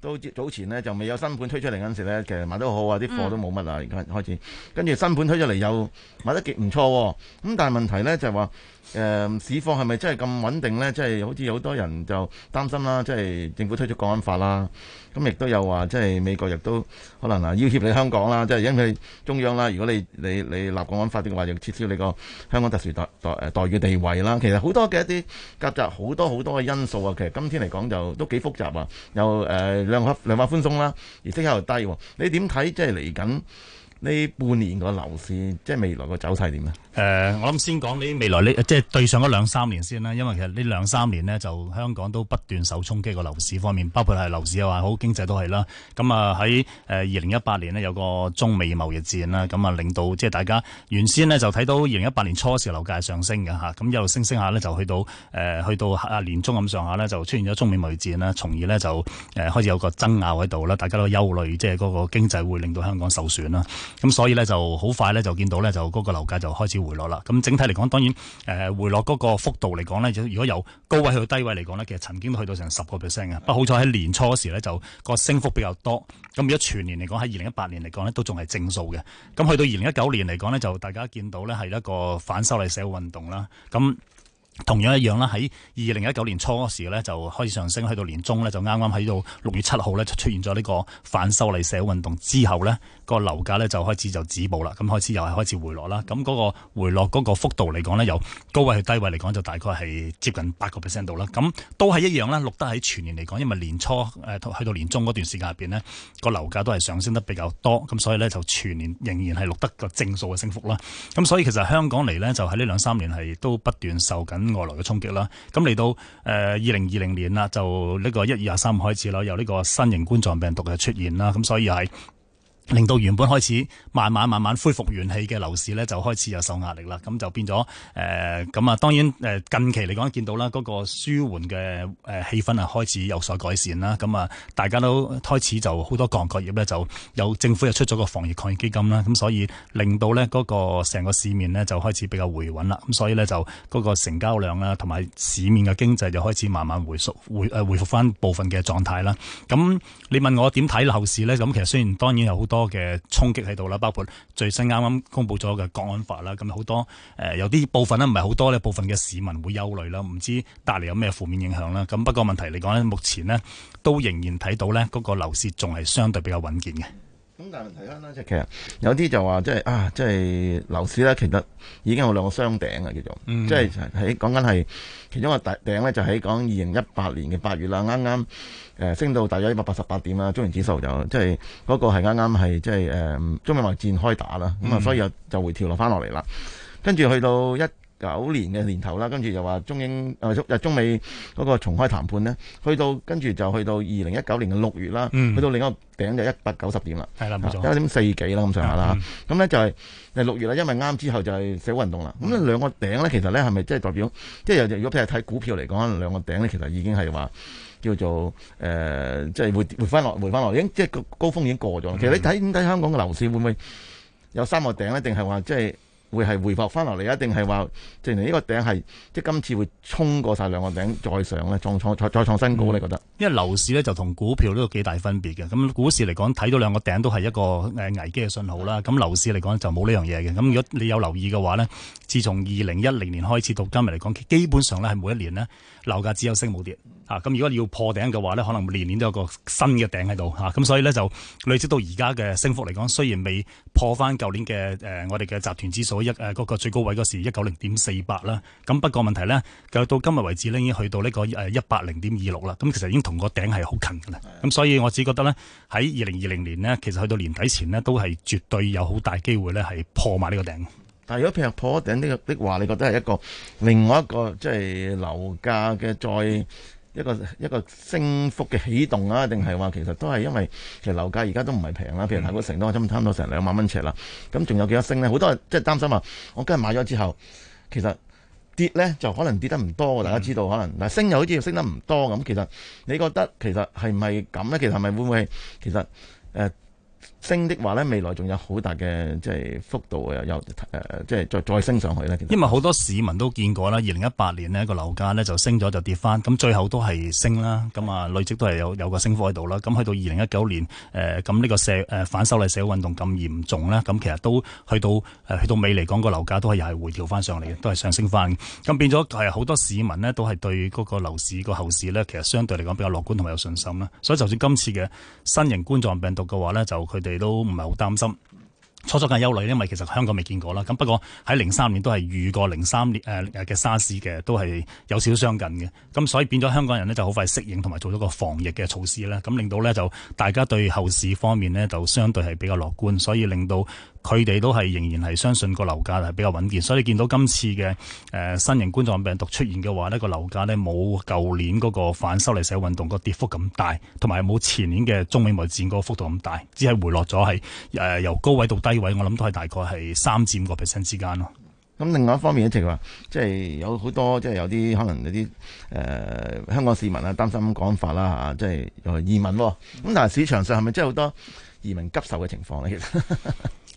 到早前呢，就未有新盤推出嚟嗰陣時呢，其實買得好啊，啲貨都冇乜啊，而家開始跟住新盤推出嚟又買得極唔錯咁，但係問題呢，就係話誒市況係咪真係咁穩定呢？即係好似好多人就擔心啦，即係政府推出港安法啦，咁亦都有話即係美國亦都可能啊要挾你香港啦，即係因為中央啦，如果你你你立港安法嘅話，要撤銷你個香港特殊待待誒待遇地位啦。其實好多嘅一啲夾雜好多好多嘅因素啊，其實今天嚟講就都幾複雜啊，有。誒。量化量化寬鬆啦，而息口又低，你點睇？即係嚟緊。呢半年個樓市，即係未來個走勢點啊？誒、呃，我諗先講呢未來呢，即係對上嗰兩三年先啦。因為其實呢兩三年呢，就香港都不斷受衝擊個樓市方面，包括係樓市又話好，經濟都係啦。咁啊喺誒二零一八年呢，有個中美貿易戰啦，咁啊令到即係大家原先呢，就睇到二零一八年初時樓價上升嘅吓，咁一路升升下呢，就去到誒、呃、去到啊年中咁上下呢，就出現咗中美貿易戰啦，從而呢，就誒開始有個爭拗喺度啦，大家都憂慮即係嗰個經濟會令到香港受損啦。咁所以咧就好快咧就見到咧就嗰個樓價就開始回落啦。咁整體嚟講，當然誒、呃、回落嗰個幅度嚟講咧，如果由高位去到低位嚟講咧，其實曾經都去到成十個 percent 嘅。不過好彩喺年初嗰時咧，就個升幅比較多。咁而家全年嚟講，喺二零一八年嚟講咧，都仲係正數嘅。咁去到二零一九年嚟講咧，就大家見到咧，係一個反修例社會運動啦。咁同樣一樣啦，喺二零一九年初嗰時咧就開始上升，去到年中咧就啱啱喺到六月七號咧就出現咗呢個反修例社會運動之後呢，個樓價呢，就開始就止步啦，咁開始又係開始回落啦。咁嗰個回落嗰個幅度嚟講呢，由高位去低位嚟講就大概係接近八個 percent 度啦。咁都係一樣啦，錄得喺全年嚟講，因為年初誒喺、呃、到年中嗰段時間入邊呢，個樓價都係上升得比較多，咁所以呢，就全年仍然係錄得個正數嘅升幅啦。咁所以其實香港嚟呢，就喺呢兩三年係都不斷受緊外來嘅衝擊啦，咁嚟到誒二零二零年啦，就呢個一二廿三開始啦，有呢個新型冠狀病毒嘅出現啦，咁所以係。令到原本開始慢慢慢慢恢復元氣嘅樓市咧，就開始有受壓力啦。咁就變咗誒咁啊！當然誒近期嚟講，見到啦嗰、嗰個舒緩嘅誒、呃、氣氛啊，開始有所改善啦。咁啊，大家都開始就好多各行各業咧，就有政府又出咗個防疫抗疫基金啦。咁所以令到咧嗰個成個市面咧就開始比較回穩啦。咁所以咧就嗰個成交量啊，同埋市面嘅經濟就開始慢慢回縮回誒回復翻部分嘅狀態啦。咁你問我點睇樓市咧？咁其實雖然當然有好多。多嘅衝擊喺度啦，包括最新啱啱公布咗嘅《國安法》啦，咁好多誒，有啲部分呢，唔係好多呢部分嘅市民會憂慮啦，唔知帶嚟有咩負面影響啦。咁不過問題嚟講呢，目前呢都仍然睇到呢嗰個樓市仲係相對比較穩健嘅。咁但係問題咧，即係其實有啲就話即係啊，即係樓市咧，其實已經有兩個雙頂啊，叫做，即係喺講緊係其中一個大頂咧，就喺講二零一八年嘅八月啦，啱啱誒升到大約一百八十八點啦，中原指數就即係嗰個係啱啱係即係誒中美貿戰開打啦，咁啊、嗯、所以又就回調落翻落嚟啦，跟住去到一九年嘅年頭啦，跟住又話中英誒中又中美嗰個重開談判咧，去到跟住就去到二零一九年嘅六月啦，嗯、去到另一個頂就一百九十點啦，一點四幾啦咁上下啦。咁、嗯、咧就係誒六月啦，因為啱之後就係社會運動啦。咁、嗯嗯、兩個頂咧，其實咧係咪即係代表，即係又如果譬如睇股票嚟講，兩個頂咧其實已經係話叫做誒，即、呃、係、就是、回，回回翻落回翻落，已經即係個高峰已經過咗。其實你睇睇香港嘅樓市會唔會有三個頂咧，定係話即係？就是會係回覆翻落嚟，一定係話，即係呢個頂係，即係今次會衝過晒兩個頂再上咧，再創再創新高。你覺得？因為樓市咧就同股票都有幾大分別嘅。咁股市嚟講，睇到兩個頂都係一個誒危機嘅信號啦。咁樓市嚟講就冇呢樣嘢嘅。咁如果你有留意嘅話咧，自從二零一零年開始到今日嚟講，基本上咧係每一年呢，樓價只有升冇跌啊。咁如果你要破頂嘅話咧，可能年年都有個新嘅頂喺度啊。咁所以咧就累積到而家嘅升幅嚟講，雖然未破翻舊年嘅誒、呃、我哋嘅集團指數。一誒嗰個最高位嗰時一九零點四八啦，咁不過問題咧，就到今日為止咧已經去到呢個誒一百零點二六啦，咁其實已經同個頂係好近噶啦，咁所以我只覺得咧喺二零二零年呢，其實去到年底前呢，都係絕對有好大機會咧係破埋呢個頂。但係如果譬如破咗頂呢個的話，你覺得係一個另外一個即係樓價嘅再？一個一個升幅嘅起動啊，定係話其實都係因為其實樓價而家都唔係平啦，譬如大埔城都差唔多成兩萬蚊尺啦。咁仲有幾多升呢？好多人即係擔心話，我今日買咗之後，其實跌呢就可能跌得唔多，大家知道可能嗱升又好似升得唔多咁。其實你覺得其實係唔係咁呢？其實係咪會唔會其實誒？呃升的話咧，未來仲有好大嘅即係幅度啊！又誒，即、呃、係、呃、再再升上去咧。因為好多市民都見過啦，二零一八年呢個樓價呢就升咗就跌翻，咁最後都係升啦。咁啊累積都係有有個升幅喺度啦。咁去到二零一九年誒，咁、呃、呢、這個社誒反修例社會運動咁嚴重啦。咁其實都去到誒去到尾嚟講個樓價都係又係回調翻上嚟嘅，都係上升翻。咁變咗係好多市民呢都係對嗰個樓市個後市呢，其實相對嚟講比較樂觀同埋有信心啦。所以就算今次嘅新型冠狀病毒嘅話呢，就佢哋。都唔係好擔心，初初嘅憂慮，因為其實香港未見過啦。咁不過喺零三年都係遇過零三年誒誒嘅沙士嘅，都係有少少相近嘅。咁所以變咗香港人呢就好快適應同埋做咗個防疫嘅措施咧。咁令到咧就大家對後市方面呢，就相對係比較樂觀，所以令到。佢哋都係仍然係相信個樓價係比較穩健，所以你見到今次嘅誒新型冠狀病毒出現嘅話，呢個樓價呢，冇舊年嗰個反修例社運動個跌幅咁大，同埋冇前年嘅中美貿易戰個幅度咁大，只係回落咗係誒由高位到低位，我諗都係大概係三至五個 percent 之間咯。咁另外一方面咧，即係話即係有好多即係、就是、有啲可能有啲誒、呃、香港市民啊擔心講法啦嚇，即係誒移民咁、哦，但係市場上係咪真係好多移民急售嘅情況咧？其實？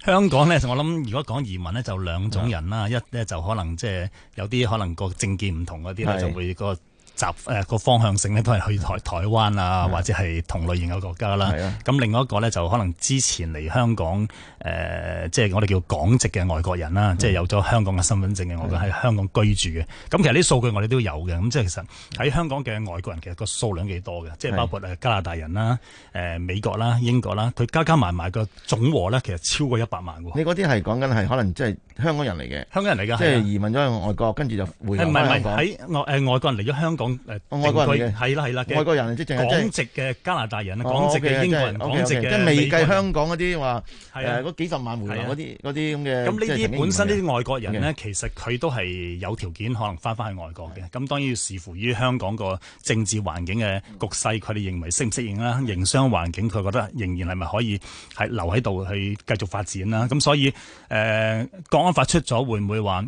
香港咧，我諗，如果講移民咧，就兩種人啦。的一咧就可能即係、就是、有啲可能個政見唔同嗰啲咧，的就會個。集誒個方向性咧，都係去台台灣啊，是的 或者係同類型嘅國家啦。咁是的 另外一個咧，就可能之前嚟香港誒，即、呃、係、就是、我哋叫港籍嘅外國人啦，是的 即係有咗香港嘅身份證嘅外國人喺是的 香港居住嘅。咁其實呢啲數據我哋都有嘅。咁即係其實喺香港嘅外國人其實個數量幾多嘅，即係包括誒加拿大人啦、誒、呃、美國啦、英國啦，佢加加埋埋個總和咧，其實超過一百萬喎。你嗰啲係講緊係可能即、就、係、是。香港人嚟嘅，香港人嚟嘅，即移民咗去外國，跟住就回流翻香港。唔係，唔係，喺外誒外國人嚟咗香港誒，外國人嘅係啦係啦，外國人即淨係港籍嘅加拿大人，港籍嘅英國人，港籍嘅，即係未計香港嗰啲話誒嗰幾十萬回流嗰啲嗰啲咁嘅。咁呢啲本身啲外國人咧，其實佢都係有條件可能翻翻去外國嘅。咁當然要視乎於香港個政治環境嘅局勢，佢哋認為適唔適應啦，營商環境佢覺得仍然係咪可以係留喺度去繼續發展啦？咁所以誒講。發出咗會唔會話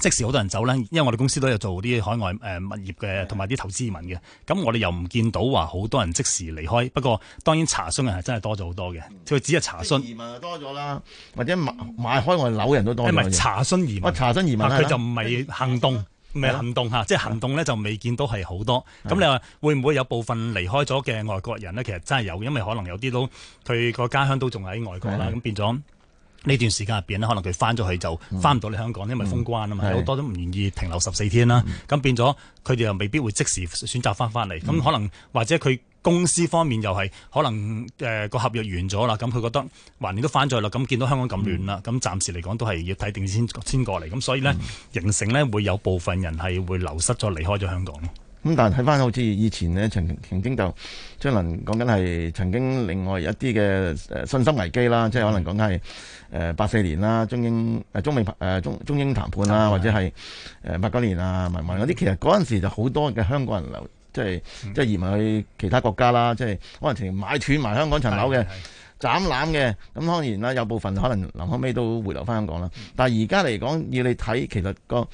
即時好多人走呢？因為我哋公司都有做啲海外誒物業嘅同埋啲投資移民嘅，咁我哋又唔見到話好多人即時離開。不過當然查詢人，真係多咗好多嘅。佢只係查詢移民多咗啦，或者買買海外樓人都多。唔係查詢移民，查詢移民佢就唔係行動，唔係的行動吓，即係行動呢就未見到係好多。咁的你話會唔會有部分離開咗嘅外國人呢？其實真係有，因為可能有啲都佢個家鄉都仲喺外國啦，咁變咗。呢段時間入邊呢，可能佢翻咗去就翻唔到嚟香港，嗯、因為封關啊嘛，好是多都唔願意停留十四天啦。咁、嗯、變咗佢哋又未必會即時選擇翻翻嚟。咁、嗯、可能或者佢公司方面又係可能誒個、呃、合約完咗啦，咁佢覺得橫掂都翻咗去啦，咁見到香港咁亂啦，咁暫、嗯、時嚟講都係要睇定先先過嚟。咁所以呢，嗯、形成呢會有部分人係會流失咗離開咗香港。咁但係睇返好似以前咧，曾曾經就將能講緊係曾經另外一啲嘅、呃、信心危機啦，即係可能講緊係誒八四年啦，中英誒、呃、中美誒中中英談判啦，嗯、或者係誒、呃、八九年啊民運嗰啲，其實嗰陣時就好多嘅香港人流，即係即係移民去其他國家啦，即係可能成買斷埋香港層樓嘅、嗯嗯、斬纜嘅，咁當然啦，有部分可能臨後尾都回流返香港啦。但係而家嚟講，要你睇，其實個個，個，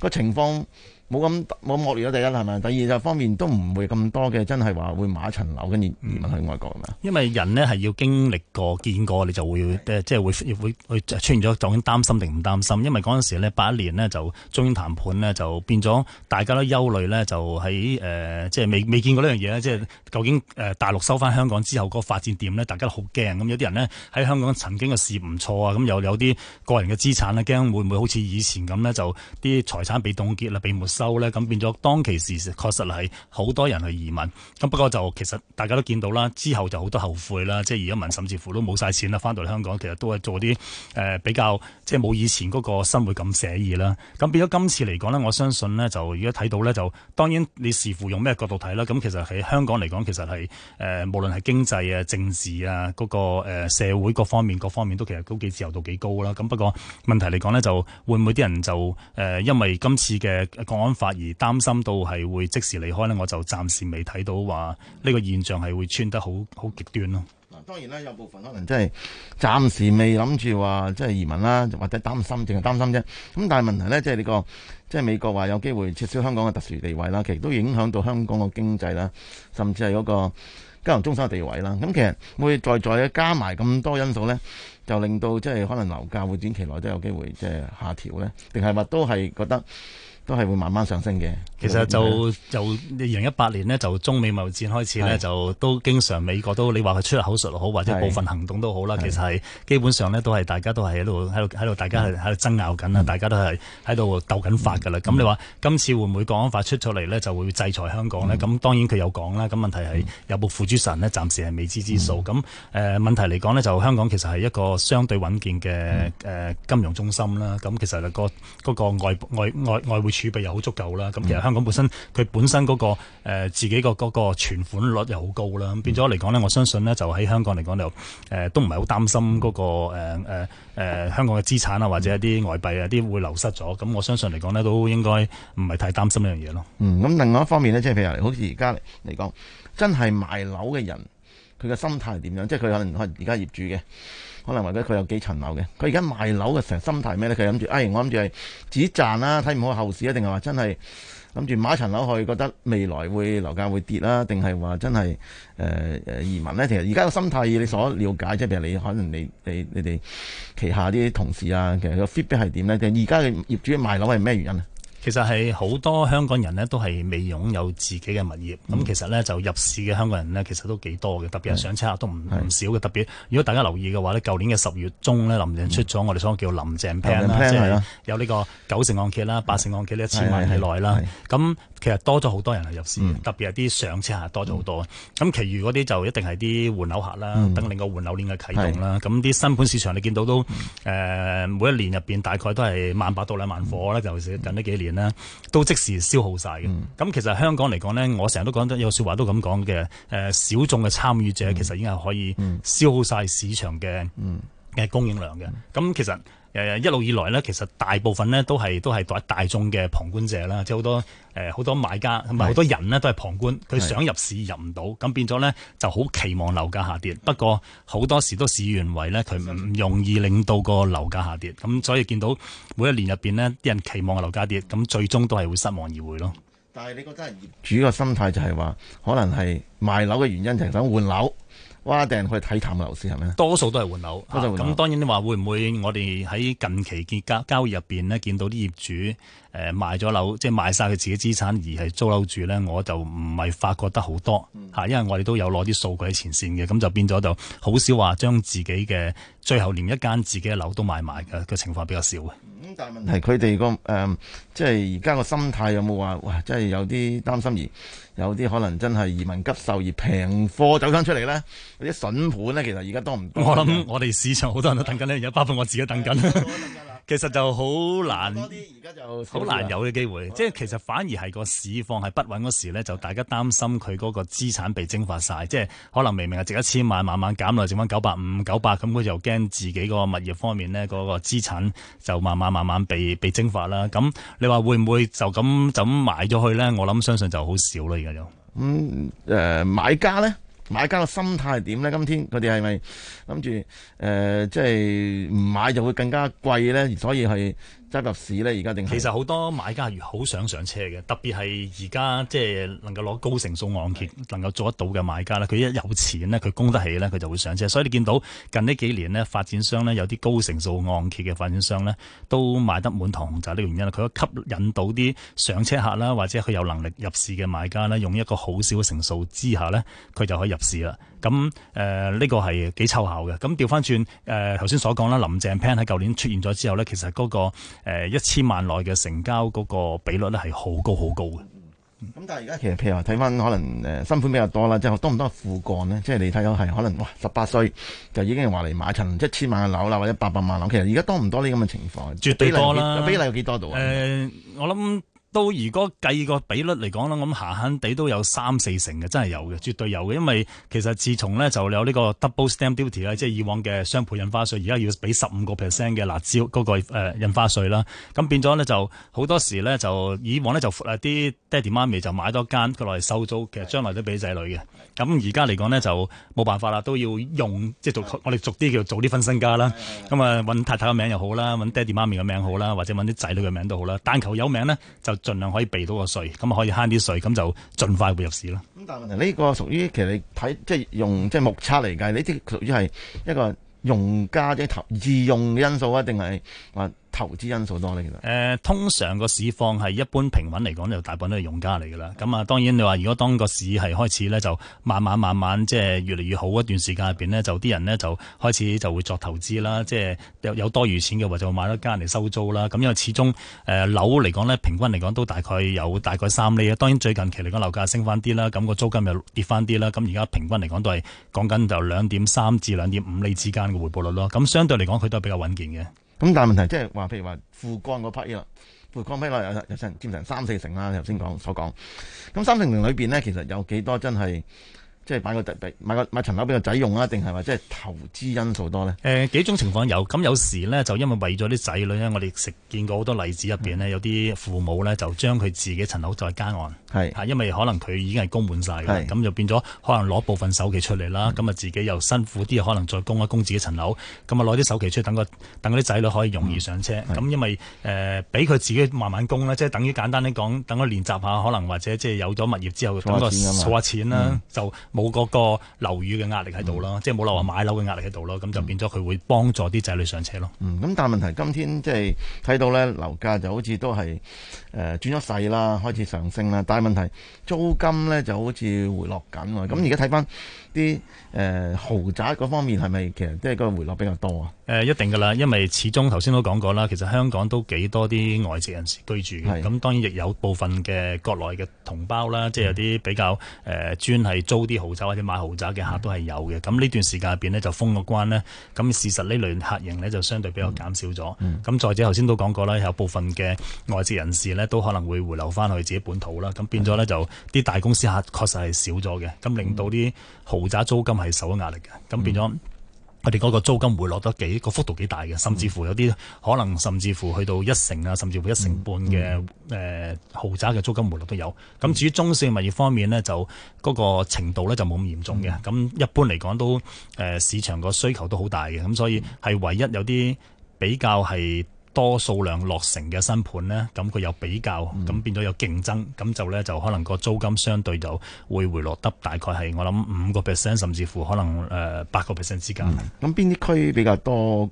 個情況。冇咁冇咁惡劣咗第一啦，係咪？第二就方面都唔會咁多嘅，真係話會買一層樓跟住移民去外國啊嘛、嗯。因為人呢係要經歷過見過，你就會誒，對 即係會會出現咗究竟擔心定唔擔心？因為嗰陣時呢八一年呢，就中英談判呢，就變咗大家都憂慮呢，就喺誒、呃、即係未未見過呢樣嘢呢，即係究竟誒、呃、大陸收翻香港之後嗰個發展點呢，大家都好驚咁。有啲人呢，喺香港曾經嘅事業唔錯啊，咁、嗯、有有啲個人嘅資產呢，驚會唔會好似以前咁呢，就啲財產被凍結啦，被收咧，咁變咗當其時確實係好多人去移民，咁不過就其實大家都見到啦，之後就好多後悔啦，即係移民甚至乎都冇晒錢啦，翻到嚟香港其實都係做啲誒比較即係冇以前嗰個生活咁寫意啦。咁變咗今次嚟講呢，我相信呢，就而家睇到呢，就當然你視乎用咩角度睇啦。咁其實喺香港嚟講，其實係誒、呃、無論係經濟啊、政治啊、嗰、嗰個、呃、社會各方面各方面都其實都幾自由度幾高啦。咁不過問題嚟講呢，就會唔會啲人就誒、呃、因為今次嘅反而擔心到係會即時離開呢，我就暫時未睇到話呢個現象係會穿得好好極端咯。嗱，當然啦，有部分可能即係暫時未諗住話即係移民啦，或者擔心，淨係擔心啫。咁但係問題呢、這個，即係呢個即係美國話有機會撤銷香港嘅特殊地位啦，其實都影響到香港嘅經濟啦，甚至係嗰個金融中心嘅地位啦。咁其實會在在加埋咁多因素呢，就令到即係可能樓價會短期內都有機會即係下調呢，定係話都係覺得？都係會慢慢上升嘅。其實就就二零一八年呢，就中美貿易戰開始呢，就都經常美國都你話佢出口術好或者部分行動都好啦。其實係基本上呢，都係大家都係喺度喺度喺度大家係喺度爭拗緊啦，大家都係喺度鬥緊法噶啦。咁你話今次會唔會國安法出咗嚟呢？就會制裁香港呢。咁當然佢有講啦。咁問題係有冇付諸神呢？暫時係未知之數。咁誒問題嚟講呢，就香港其實係一個相對穩健嘅誒金融中心啦。咁其實個嗰個外外外外匯。儲備又好足夠啦，咁其實香港本身佢本身嗰、嗰個、呃、自己個嗰個存款率又好高啦，變咗嚟講咧，我相信咧就喺香港嚟講就誒都唔係好擔心嗰、嗰個誒誒、呃呃呃、香港嘅資產啊或者一啲外幣啊啲會流失咗，咁我相信嚟講咧都應該唔係太擔心呢樣嘢咯。嗯，咁另外一方面咧，即係譬如好似而家嚟講，真係賣樓嘅人。佢嘅心態係點樣？即係佢可能可能而家業主嘅可能或者佢有幾層樓嘅。佢而家賣樓嘅成日心態咩咧？佢諗住哎，我諗住係自己賺啦、啊，睇唔好後市一定係話真係諗住買一層樓去，覺得未來會樓價會跌啦、啊，定係話真係誒誒移民咧？其實而家嘅心態，你所了解，即係譬如你可能你你你哋旗下啲同事啊，其實個 feedback 係點咧？就而家嘅業主賣樓係咩原因啊？其實係好多香港人呢都係未擁有自己嘅物業。咁、嗯、其實呢，就入市嘅香港人呢，其實都幾多嘅，特別係上車客都唔唔是少嘅。特別如果大家留意嘅話呢，舊年嘅十月中呢，林鄭出咗我哋所講叫林鄭 plan 啦、嗯，an，即係有呢個九成按揭啦、的八成按揭呢一千萬以內啦。咁其實多咗好多人係入市，特別係啲上車客多咗好多。咁，其餘嗰啲就一定係啲換樓客啦，等另外換樓鏈嘅啟動啦。咁啲新盤市場你見到都誒，每一年入邊大概都係萬百到兩萬夥啦，就近呢幾年啦，都即時消耗晒嘅。咁其實香港嚟講呢，我成日都講得有説話都咁講嘅。誒，小眾嘅參與者其實已經係可以消耗晒市場嘅嘅供應量嘅。咁其實。誒一路以來咧，其實大部分咧都係都係在大眾嘅旁觀者啦，即係好多誒好、呃、多買家同埋好多人咧都係旁觀，佢是的 想入市入唔到，咁變咗呢就好期望樓價下跌。不過好多時都事與願違咧，佢唔容易令到個樓價下跌。咁所以見到每一年入邊呢啲人期望樓價跌，咁最終都係會失望而回咯。但係你覺得係業主嘅心態就係話，可能係賣樓嘅原因就係想換樓。哇！定去睇淡樓市係咩？多數都係換樓。咁、啊、當然你話會唔會我哋喺近期結交交易入邊呢，見到啲業主誒、呃、賣咗樓，即係賣晒佢自己資產而係租樓住咧，我就唔係發覺得好多吓、啊，因為我哋都有攞啲數據喺前線嘅，咁就變咗就好少話將自己嘅最後連一間自己嘅樓都賣埋嘅個情況比較少嘅。問題佢哋個誒，即係而家個心態有冇話哇？即係有啲擔心而有啲可能真係移民急售而平貨走翻出嚟咧。嗰啲筍盤咧，其實而家多唔多？我諗我哋市場好多人都等緊咧，而家包括我自己等緊。 其實就好難，好難有嘅機會。即係其實反而係個市況係不穩嗰時咧，就大家擔心佢嗰個資產被蒸發晒。即係可能明明係值一千萬，慢慢減落嚟，剩翻九百五、九百，咁佢就驚自己個物業方面咧，嗰個資產就慢慢慢慢被被蒸發啦。咁你話會唔會就咁就咁買咗去咧？我諗相信就好少啦。而家就，嗯、呃、誒，買家咧。買家嘅心態係點呢？今天佢哋係咪諗住誒，即係唔買就會更加貴咧？所以係入市咧，而家定其實好多買家係好想上車嘅，特別係而家即係能夠攞高成數按揭，的能夠做得到嘅買家啦。佢一有錢咧，佢供得起咧，佢就會上車。所以你見到近呢幾年咧，發展商咧，有啲高成數按揭嘅發展商咧，都賣得滿堂紅，就係呢個原因啦。佢都吸引到啲上車客啦，或者佢有能力入市嘅買家咧，用一個好少嘅成數之下咧，佢就可以入市啦。咁誒呢個係幾奏效嘅。咁調返轉誒頭先所講啦，林鄭 plan 喺舊年出現咗之後咧，其實嗰個誒、呃，一千萬內嘅成交嗰個比率咧係好高好高嘅、嗯。咁但係而家其實譬如話睇返可能誒，新、呃、盤比較多啦，即係多唔多父幹咧？即係你睇到係可能哇，十八歲就已經話嚟買層一千萬嘅樓啦，或者八百萬樓。其實而家多唔多呢咁嘅情況？絕對多啦。比例有幾有多度啊？誒、呃，我諗。到如果計個比率嚟講啦，咁閒閒地都有三四成嘅，真係有嘅，絕對有嘅。因為其實自從咧就有呢個 double stamp duty 啦，即係以往嘅雙倍印花稅，而家要俾十五個 percent 嘅辣招嗰、那個、呃、印花稅啦。咁變咗咧就好多時咧就以往咧就啲爹地媽咪就買多間佢攞嚟收租，其實將來都俾仔女嘅。咁而家嚟講咧就冇辦法啦，都要用即係、就是、做我哋俗啲叫做啲分身家啦。咁啊揾太太嘅名又好啦，揾爹地媽咪嘅名好啦，或者揾啲仔女嘅名都好啦。但求有名咧就盡量可以避到個稅，咁可以慳啲稅，咁就盡快會入市啦。咁但係問題呢個屬於其實你睇即係用即係目測嚟㗎，呢啲屬於係一個用家啲投自用嘅因素啊，定係話？投資因素多呢？其實誒通常個市況係一般平穩嚟講，就大部分都係用家嚟噶啦。咁啊，當然你話如果當個市係開始咧，就慢慢慢慢即係越嚟越好一段時間入邊呢，就啲人呢，就開始就會作投資啦。即係有多餘錢嘅話，就買一間嚟收租啦。咁因為始終誒、呃、樓嚟講呢，平均嚟講都大概有大概三厘啊。當然最近期嚟講，樓價升翻啲啦，咁個租金又跌翻啲啦。咁而家平均嚟講都係講緊就兩點三至兩點五厘之間嘅回報率咯。咁相對嚟講，佢都係比較穩健嘅。咁但係問題即係話，譬如話富江嗰批啦，富江批啦，有有成佔成三四成啦，頭先講所講。咁三四成裏邊咧，其實有幾多真係？即係買個特別買個買個層樓俾個仔用啊？定係話即係投資因素多呢？誒、呃、幾種情況有咁有時呢，就因為為咗啲仔女呢，我哋食見過好多例子入邊呢，嗯、有啲父母呢，就將佢自己層樓再加按，係是因為可能佢已經係供滿晒，嘅是，咁就變咗可能攞部分首期出嚟啦。咁啊、嗯，自己又辛苦啲，可能再供一供自己層樓，咁啊攞啲首期出嚟等個等嗰啲仔女可以容易上車。咁、嗯、因為誒俾佢自己慢慢供啦，即係等於簡單啲講，等佢練習下，可能或者即係有咗物業之後，咁啊儲下錢啦，就。冇嗰個樓宇嘅壓力喺度咯，嗯、即係冇樓話買樓嘅壓力喺度咯，咁、嗯、就變咗佢會幫助啲仔女上車咯。嗯，咁但係問題，今天即係睇到咧樓價就好似都係誒、呃、轉咗勢啦，開始上升啦。但係問題租金咧就好似回落緊喎。咁而家睇翻，啲誒豪宅嗰方面係咪其實即係個回落比較多啊？誒、呃、一定噶啦，因為始終頭先都講過啦，其實香港都幾多啲外籍人士居住嘅，咁是當然亦有部分嘅國內嘅同胞啦，嗯、即係有啲比較誒、呃、專係租啲豪宅或者買豪宅嘅客都係有嘅。咁呢是段時間入邊咧就封個關咧，咁事實呢類客型咧就相對比較減少咗。咁、嗯、再者頭先都講過啦，有部分嘅外籍人士咧都可能會回流翻去自己本土啦，咁變咗咧就啲大公司客確實係少咗嘅，咁令到啲豪。豪宅租金係受咗壓力嘅，咁變咗佢哋嗰個租金回落得幾、嗯、個幅度幾大嘅，甚至乎有啲可能，甚至乎去到一成啊，甚至乎一成半嘅誒、嗯嗯呃、豪宅嘅租金回落都有。咁至於中性物業方面呢，就嗰個程度咧就冇咁嚴重嘅。咁一般嚟講都誒、呃、市場個需求都好大嘅，咁所以係唯一有啲比較係，多數量落成嘅新盤呢，咁佢有比較，咁變咗有競爭，咁就咧就可能個租金相對就會回落得大概係我諗五個 percent，甚至乎可能誒八個 percent 之間。咁邊啲區比較多？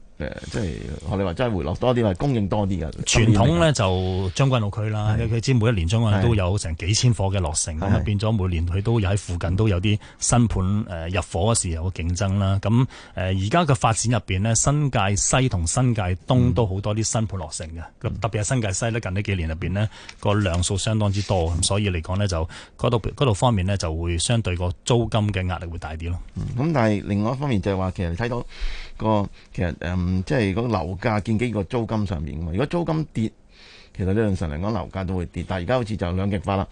即係學你話，齋係回落多啲，係供應多啲嘅。傳統咧就將軍澳區啦，佢知的每一年將軍都有成幾千伙嘅落成，咁的變咗每年佢都有喺附近都有啲新盤誒入伙嘅時候嘅競爭啦。咁誒而家嘅發展入邊呢，新界西同新界東都好多啲新盤落成嘅，嗯、特別係新界西咧近呢幾年入邊呢，個量數相當之多，咁所以嚟講呢，就嗰度嗰度方面呢，就會相對個租金嘅壓力會大啲咯。咁、嗯、但係另外一方面就係話，其實你睇到。個其實誒、嗯，即係嗰個樓價建基喺個租金上面，㗎嘛。如果租金跌，其實呢理論上嚟講樓價都會跌。但係而家好似就兩極化啦，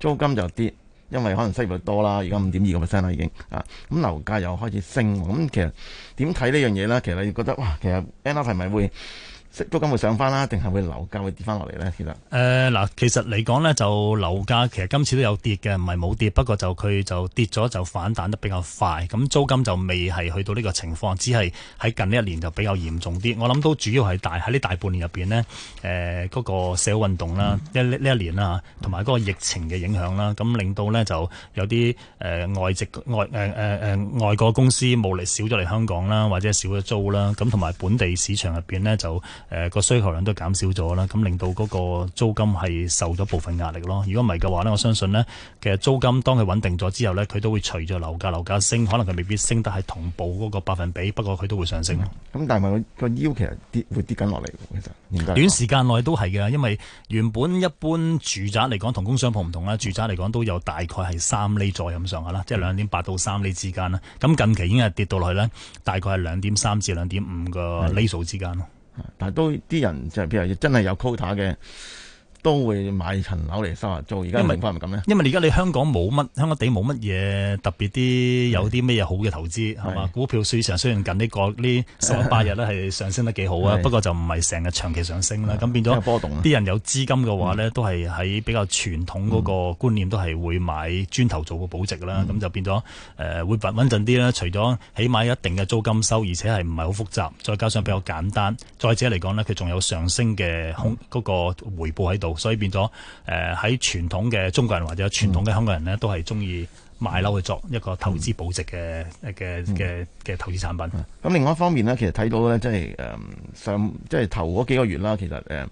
租金就跌，因為可能失業率多啦，而家五點二個 percent 啦已經啊，咁樓價又開始升。咁、嗯、其實點睇呢樣嘢咧？其實你覺得哇，其實誒，我係咪會？租金會上翻啦，定係會樓價會跌翻落嚟呢？其實，誒嗱，其實嚟講呢，就樓價其實今次都有跌嘅，唔係冇跌。不過就佢就跌咗，就反彈得比較快。咁、嗯、租金就未係去到呢個情況，只係喺近呢一年就比較嚴重啲。我諗都主要係大喺呢大半年入邊呢，誒、呃、嗰、嗰個社會運動啦，一呢、嗯、一年啦，同埋嗰個疫情嘅影響啦，咁、嗯嗯、令到呢就有啲誒、呃、外籍外誒誒誒外國公司冇力少咗嚟香港啦，或者少咗租啦，咁同埋本地市場入邊呢，就。誒個、呃、需求量都減少咗啦，咁令到嗰個租金係受咗部分壓力咯。如果唔係嘅話呢，我相信呢，其實租金當佢穩定咗之後呢，佢都會隨著樓價樓價升，可能佢未必升得係同步嗰個百分比，不過佢都會上升咯。咁、嗯、但係佢個腰其實跌會跌緊落嚟喎，其實短時間內都係嘅，因為原本一般住宅嚟講同工商鋪唔同啦，住宅嚟講都有大概係三厘左右咁上下啦，即係兩點八到三厘之間啦。咁近期已經係跌到落去呢，大概係兩點三至兩點五個厘數之間咯。但係都啲人就係、是、譬如真係有 quota 嘅。都會買層樓嚟收下租，而家明白唔咁咩？因為而家你香港冇乜，香港地冇乜嘢特別啲，有啲咩嘢好嘅投資係嘛？股票市場雖然近呢、這個呢十日八日咧係上升得幾好啊， 是不過就唔係成日長期上升啦。咁的變咗波動，啲人有資金嘅話呢，嗯、都係喺比較傳統嗰個觀念，都係會買磚頭做個保值啦。咁、嗯、就變咗誒、呃、會穩穩陣啲啦。除咗起碼一定嘅租金收，而且係唔係好複雜，再加上比較簡單，再，單再者嚟講呢，佢仲有上升嘅空嗰個回報喺度。所以變咗誒喺傳統嘅中國人或者傳統嘅香港人呢，都係中意買樓去作一個投資保值嘅嘅嘅嘅投資產品。咁、嗯、另外一方面呢，其實睇到咧，即係誒上即係頭嗰幾個月啦，其實誒誒、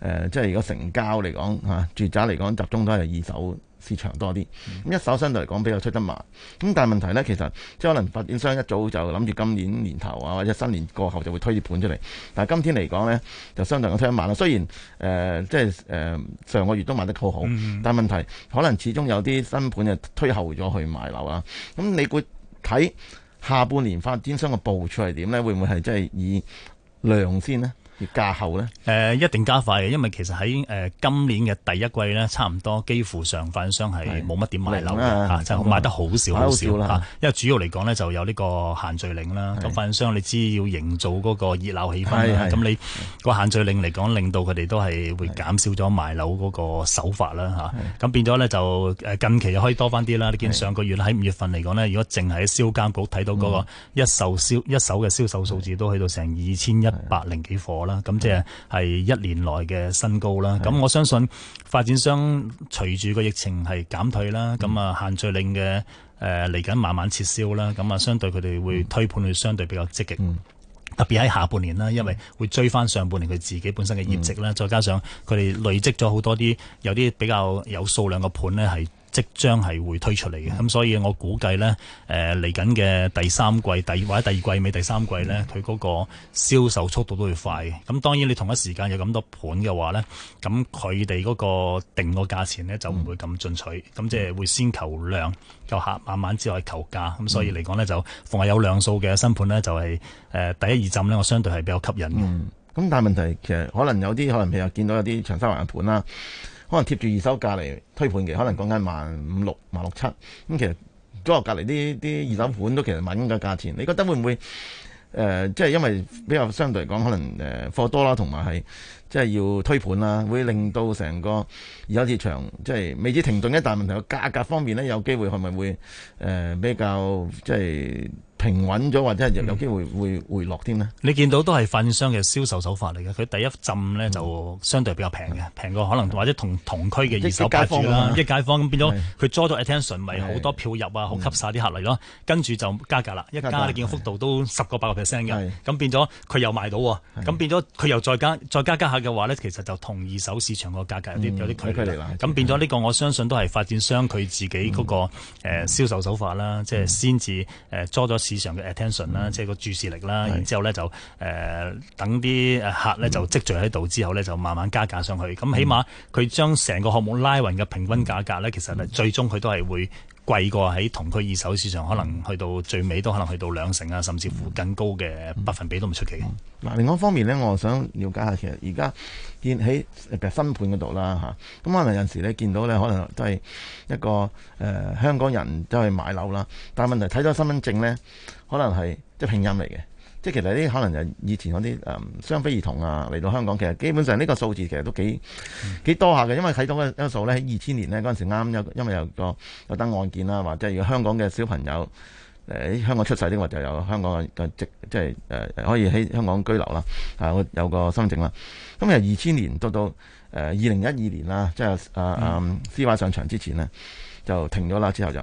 呃、即係如果成交嚟講嚇、啊，住宅嚟講集中都係二手。市場多啲，咁一手相對嚟講比較出得慢。咁但係問題呢，其實即係可能發展商一早就諗住今年年頭啊，或者新年過後就會推盤出嚟。但係今天嚟講呢，就相對咁推得慢啦。雖然誒、呃，即係、呃、上個月都賣得好好，但係問題可能始終有啲新盤就推後咗去買樓啦。咁、啊、你會睇下半年發展商嘅步驟係點呢？會唔會係即係以量先呢？加厚咧？誒、呃，一定加快嘅，因為其實喺誒、呃、今年嘅第一季咧，差唔多幾乎上發商係冇乜點賣樓嘅就的、啊、賣得好少好少嚇、啊啊。因為主要嚟講咧，就有呢個限聚令啦。咁發的商你知要營造嗰個熱鬧氣氛，咁的你個限聚令嚟講，令到佢哋都係會減少咗賣樓嗰個手法啦嚇。咁變咗咧，就誒近期就可以多翻啲啦。你見上個月喺五月份嚟講呢，如果淨係銷監局睇到嗰個一手銷、嗯、一手嘅銷售數字都去到成二千一百零幾貨啦，咁即係係一年內嘅新高啦。咁的我相信發展商隨住個疫情係減退啦，咁啊、嗯、限聚令嘅誒嚟緊慢慢撤銷啦，咁啊、嗯、相對佢哋會推盤會相對比較積極，嗯、特別喺下半年啦，因為會追翻上半年佢自己本身嘅業績啦，嗯、再加上佢哋累積咗好多啲有啲比較有數量嘅盤呢係。即將係會推出嚟嘅，咁、嗯、所以我估計呢，誒嚟緊嘅第三季第或者第二季尾第三季呢，佢嗰個銷售速度都會快。咁當然你同一時間有咁多盤嘅話呢，咁佢哋嗰個定個價錢呢，就唔會咁進取，咁、嗯、即係會先求量，求客，慢慢之後求價。咁、嗯、所以嚟講呢，就逢係有量數嘅新盤呢，就係、是、誒、呃、第一二浸呢，我相對係比較吸引嘅。咁、嗯、但係問題其實可能有啲，可能你又見到有啲長沙灣嘅盤啦。可能貼住二手價嚟推盤嘅，可能講緊萬五六、萬六七咁。其實左右隔離啲啲二手盤都其實萬幾嘅價錢。你覺得會唔會誒？即、呃、係、就是、因為比較相對嚟講，可能誒貨、呃、多啦，同埋係即係要推盤啦，會令到成個二手市場即係、就是、未止停頓，一大問題嘅價格方面咧，有機會係咪會誒、呃、比較即係？就是平穩咗或者有有機會會回落添咧？你見到都係發展商嘅銷售手法嚟嘅，佢第一浸咧就相對比較平嘅，平過可能或者同同區嘅二手買主啦。一街坊變咗佢抓咗 attention，咪好多票入啊，好吸晒啲客嚟咯。跟住就加價啦，一加你見幅度都十個八個 percent 嘅，咁變咗佢又賣到喎，咁變咗佢又再加再加加下嘅話咧，其實就同二手市場個價格有啲有啲距離啦。咁變咗呢個我相信都係發展商佢自己嗰個誒銷售手法啦，即係先至誒抓咗。市場嘅 attention 啦、嗯，即係個注視力啦，嗯、然之後咧就誒等啲客咧就積聚喺度之後咧就慢慢加價上去。咁、嗯、起碼佢將成個項目拉勻嘅平均價格咧，嗯、其實係最終佢都係會貴過喺同區二手市場，可能去到最尾都可能去到兩成啊，甚至乎更高嘅百分比都唔出奇嗱，嗯嗯嗯嗯、另外一方面呢，我想了解下，其實而家見喺譬如新盤嗰度啦嚇，咁、啊、可能有時你見到呢，可能都係一個誒、呃、香港人都係買樓啦，但問題睇咗身份證呢，可能係即係拼音嚟嘅。即係其實啲可能就以前嗰啲誒雙非兒童啊嚟到香港，其實基本上呢個數字其實都幾、嗯、幾多下嘅，因為睇到嘅個數咧喺二千年呢嗰陣時啱有，因為有個有單案件啦、啊，或者要香港嘅小朋友誒、呃、香港出世嘅話就有香港嘅即係誒、呃、可以喺香港居留啦，啊有個申請啦。咁、嗯嗯、由二千年到到誒二零一二年啦，即係啊啊 CY 上場之前呢，就停咗啦，之後就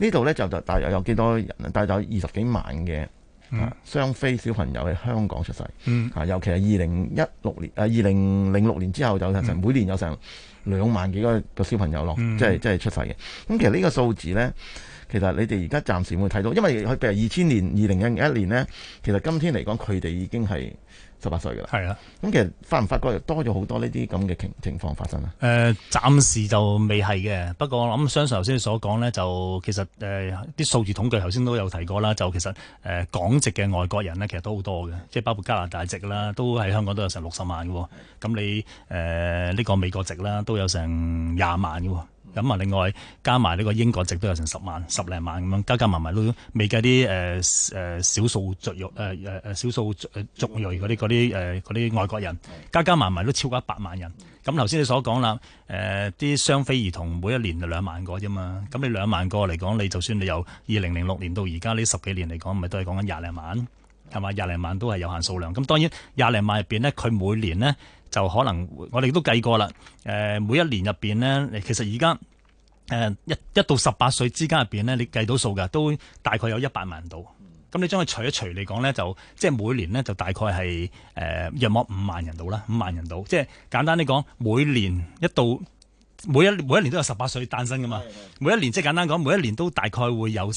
呢度咧就就大約有幾多人，大約二十幾萬嘅。啊，雙非小朋友喺香港出世，啊、嗯，尤其係二零一六年，啊，二零零六年之後有成，嗯、每年有成兩萬幾個個小朋友咯，嗯、即係即係出世嘅。咁其實呢個數字呢，其實你哋而家暫時會睇到，因為佢譬如二千年、二零一一年呢，其實今天嚟講佢哋已經係。十八歲噶啦，係啦，咁是的、嗯、其實發唔發覺又多咗好多呢啲咁嘅情情況發生啊？誒、呃，暫時就未係嘅，不過我諗，嗯、相信頭先所講咧，就其實誒，啲、呃、數字統計頭先都有提過啦，就其實誒、呃，港籍嘅外國人咧，其實都好多嘅，即係包括加拿大籍啦,都喺香港都有成六十萬嘅，咁你誒呢、呃這個美國籍啦，都有成廿萬嘅。咁啊，另外加埋呢個英國籍都有成十萬、十零萬咁樣，加加埋埋都未計啲誒誒少數族裔誒誒誒少數族裔嗰啲啲誒啲外國人，加加埋埋都超過一百萬人。咁頭先你所講啦，誒、呃、啲雙非兒童每一年就兩萬個啫嘛。咁你兩萬個嚟講，你就算你由二零零六年到而家呢十幾年嚟講，唔係都係講緊廿零萬，係嘛？廿零萬都係有限數量。咁當然廿零萬入邊呢，佢每年呢。就可能我哋都計過啦，誒、呃、每一年入邊咧，其實而家誒一一到十八歲之間入邊咧，你計到數嘅，都大概有一百萬到度、嗯。咁你將佢除一除嚟講咧，就即係每年咧就大概係誒約莫五萬人度啦，五萬人度，即係簡單啲講，每年一到每一每一年都有十八歲誕生噶嘛，的每一年即係、就是、簡單講，每一年都大概會有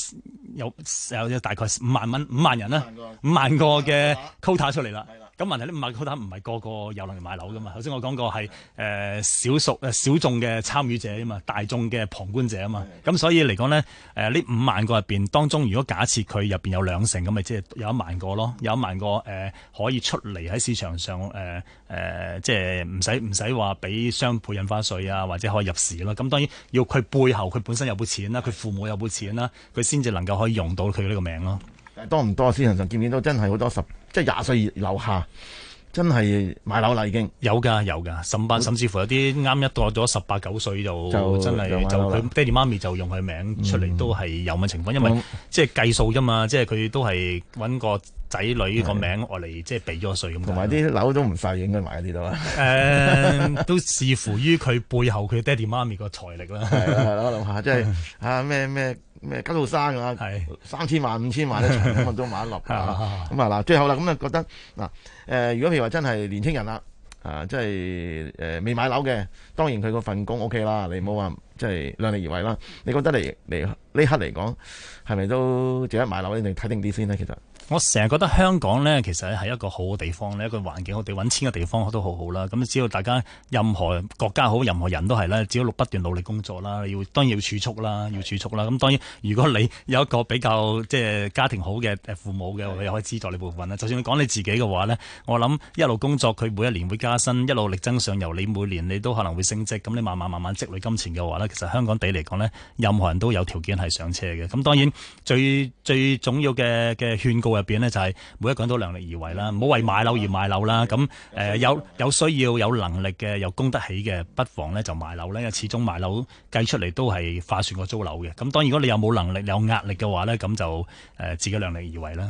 有有，有，有大概五萬蚊五萬人啦，萬人五萬個嘅 quota 出嚟啦。咁問題呢，五萬個唔係個個有能力買樓噶嘛？頭先我講過係誒少數誒小眾嘅參與者啊嘛，大眾嘅旁觀者啊嘛。咁所以嚟講咧，誒、呃、呢五萬個入邊，當中如果假設佢入邊有兩成咁，咪即係有一萬個咯，有一萬個誒、呃、可以出嚟喺市場上誒誒，即係唔使唔使話俾雙倍印花稅啊，或者可以入市咯。咁當然要佢背後佢本身有冇錢啦，佢父母有冇錢啦，佢先至能夠可以用到佢呢個名咯。多唔多？先？市場上見唔見到？真係好多十，即係廿歲以下，真係買樓啦已經。有噶有噶，甚甚至乎有啲啱一到咗十八九歲就真就真係就佢爹哋媽咪就用佢名出嚟都係有咁嘅情況。嗯、因為即係計數啫嘛，即係佢都係揾個仔女個名我嚟即係俾咗稅咁。同埋啲樓都唔細，應該買啲到啦。誒、呃， 都視乎於佢背後佢爹哋媽咪個財力啦。我諗 下，即係啊咩咩。啊咩九肚山啊，是三千萬、五千萬咧，全部都買得落。咁啊嗱， 最後啦，咁啊覺得嗱誒、呃，如果譬如話真係年青人啦，啊，即係誒、呃、未買樓嘅，當然佢嗰份工 OK 啦，你唔好話即係量力而為啦。你覺得嚟嚟呢刻嚟講，係咪都值得買樓？你睇定啲先咧，其實。我成日覺得香港呢，其實係一個好嘅地方呢，一個環境好地，我哋揾錢嘅地方都好好啦。咁只要大家任何國家好，任何人都係咧，只要不斷努力工作啦，要當然要儲蓄啦，要儲蓄啦。咁當然，如果你有一個比較即係家庭好嘅父母嘅，佢又可以資助你部分啦。就算你講你自己嘅話呢，我諗一路工作佢每一年會加薪，一路力爭上游。你每年你都可能會升職。咁你慢慢慢慢積累金錢嘅話呢，其實香港地嚟講呢，任何人都有條件係上車嘅。咁當然最最重要嘅嘅勸告。變咧就係、是、每一個人都量力而為啦，唔好為買樓而買樓啦。咁，誒、呃，有有需要、有能力嘅，又供得起嘅，不妨咧就買樓咧。始終買樓計出嚟都係划算過租樓嘅。咁當然，如果你又冇能力、有壓力嘅話咧，咁就誒自己量力而為啦。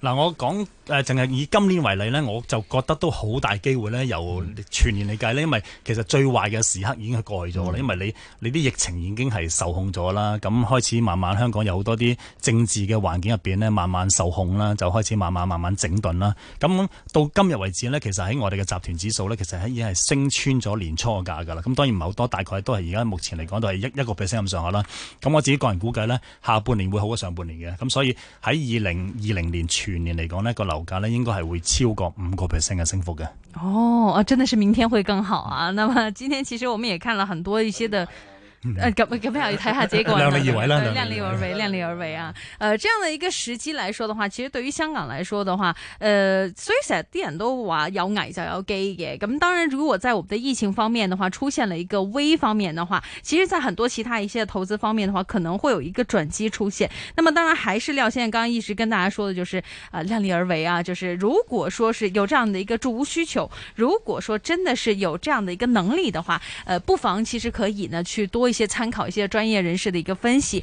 嗱，我講誒，淨、呃、係以今年為例呢，我就覺得都好大機會呢，由全年嚟計呢，因為其實最壞嘅時刻已經係過去咗啦，嗯、因為你你啲疫情已經係受控咗啦，咁開始慢慢香港有好多啲政治嘅環境入邊呢，慢慢受控啦，就開始慢慢慢慢整頓啦。咁到今日為止呢，其實喺我哋嘅集團指數呢，其實已經係升穿咗年初嘅價㗎啦。咁當然唔係好多，大概都係而家目前嚟講都係一一個 percent 咁上下啦。咁我自己個人估計呢，下半年會好過上半年嘅。咁所以喺二零二零年全全年嚟講，呢個樓價呢，應該係會超過五個 percent 嘅升幅嘅。哦，啊，真的是明天會更好啊！那麼今天其實我們也看了很多一些的。誒，咁咁唔好意睇下結果呢， 量力而為， 量力而為啊！呃，這樣的一個時機來說的話，其實對於香港來說的話，呃，所以成日啲人都話要矮就要 gay 嘅。咁當然，如果在我們的疫情方面的話，出現了一個危方面的話，其實在很多其他一些投資方面的話，可能會有一個轉機出現。那麼當然，還是廖先生剛剛一直跟大家說的，就是呃，量力而為啊，就是如果說是有這樣的一個住屋需求，如果說真的是有這樣的一個能力的話，呃，不妨其實可以呢去多。一些參考一些專業人士的一個分析。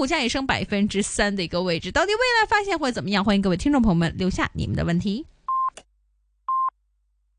股價也升百分之三的一個位置，到底未來發現會怎麼樣？歡迎各位聽眾朋友們留下你們的問題。